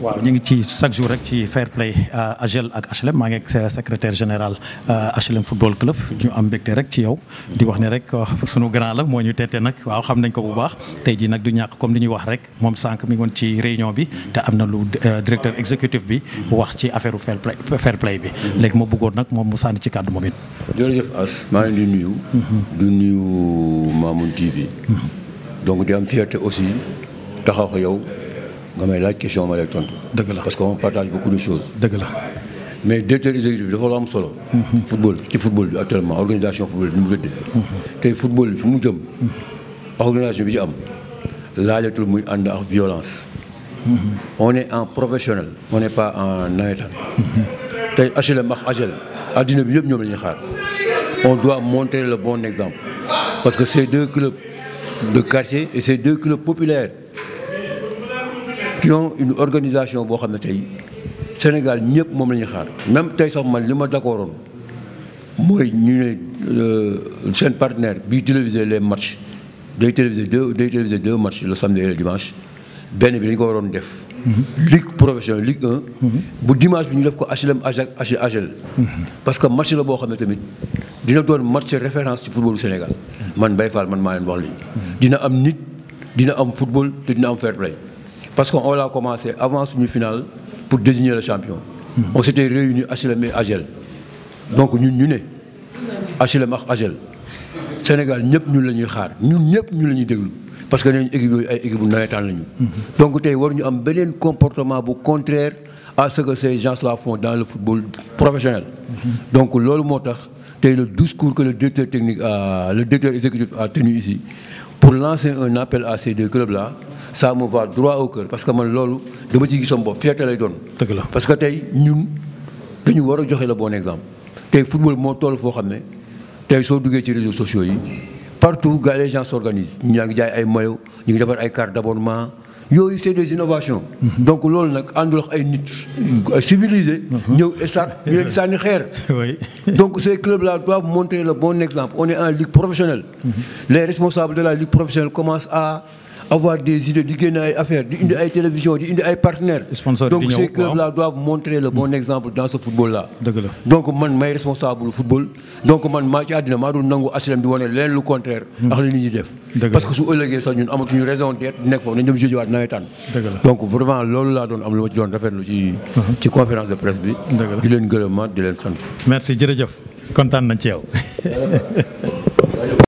waaw ñu ngi ci chaque jour rek ci fair play AGEL euh, ak HLM maa ngi ak secrétaire général HLM euh, football club ñu am mbégte rek ci yow di wax ne rek oh, sunu grand la moo ñu teete nag waaw xam nañ ko bu baax tey jii nag du ñàkk comme li ñuy wax rek moom sànq mi ngi woon ci réunion bi te am na lu euh, directeur exécutif bi wax ci affaire fair play bi léegi ma bëggoon nag moom mu sànni ci kàddu moom it. jërëjëf As maa ngi nuyu. Mm-hmm. du nuyu Mamoun TV. Mm-hmm. donc di am fierté aussi taxaw yow. mais là, la question ma parce qu'on partage beaucoup de choses. Mais deux mais deux territoires, le la solo. Mhm. football petit football actuellement organisation football nous et mhm. football bi organisation Là, mhm. organisation bi ci am le monde en violence. on est en professionnel. on n'est pas en amateur. HLM on doit montrer le bon exemple. parce que c'est deux clubs de quartier et ces deux clubs populaires une organisation au Sénégal même Tay nous euh, partenaire les matchs deux deux matchs le samedi et le dimanche ben def. Mm-hmm. ligue professionnelle ligue 1. Mm-hmm. dimanche HLM mm-hmm. parce que match la de tamit match référence football du Sénégal. man Baye man dina football dina fair play. Parce qu'on a commencé avant semi finale pour désigner le champion. On s'était réunis HLM et AGEL. Donc nous, sommes HLM et AGEL. Sénégal, nous sommes de temps. Nous sommes de Parce que nous sommes équipe nous Donc nous avons un comportement contraire à ce que ces gens-là font dans le football professionnel. Donc c'est ce c'est le discours que le directeur, technique euh, le directeur exécutif a tenu ici pour lancer un appel à ces deux clubs-là ça me va droit au cœur parce que man suis dama ci gisoon bopp lay parce que nous, ñun dañu wara le bon exemple Le football mo toll fo xamné tay so duggé ci réseaux sociaux yi partout les gens s'organisent. ñi ngi jaay ay maillots ñi ngi ay cartes d'abonnement yoyu c'est des innovations. Mm-hmm. donc lolu nak civilisés. ay nit ay civilisé. Mm-hmm. ñeu donc ces clubs là doivent montrer le bon exemple on est en ligue professionnelle. Mm-hmm. les responsables de la ligue professionnelle commencent à avoir des idées, du gain à faire, du une télévision, du une partenaire. Donc ces clubs-là doivent montrer le bon hmm. exemple dans ce football-là. Donc man, je suis responsable du football. Donc man, je suis adina, je suis nango aslam di wone len lu contraire hmm. ak li parce que si on a ñun amatuñu raison d'être nek a dañ dem jëjë waat donc vraiment c'est ce que am lu ma hmm. ci conférence de presse bi di leen di merci jërëjëf Content nañ ci yow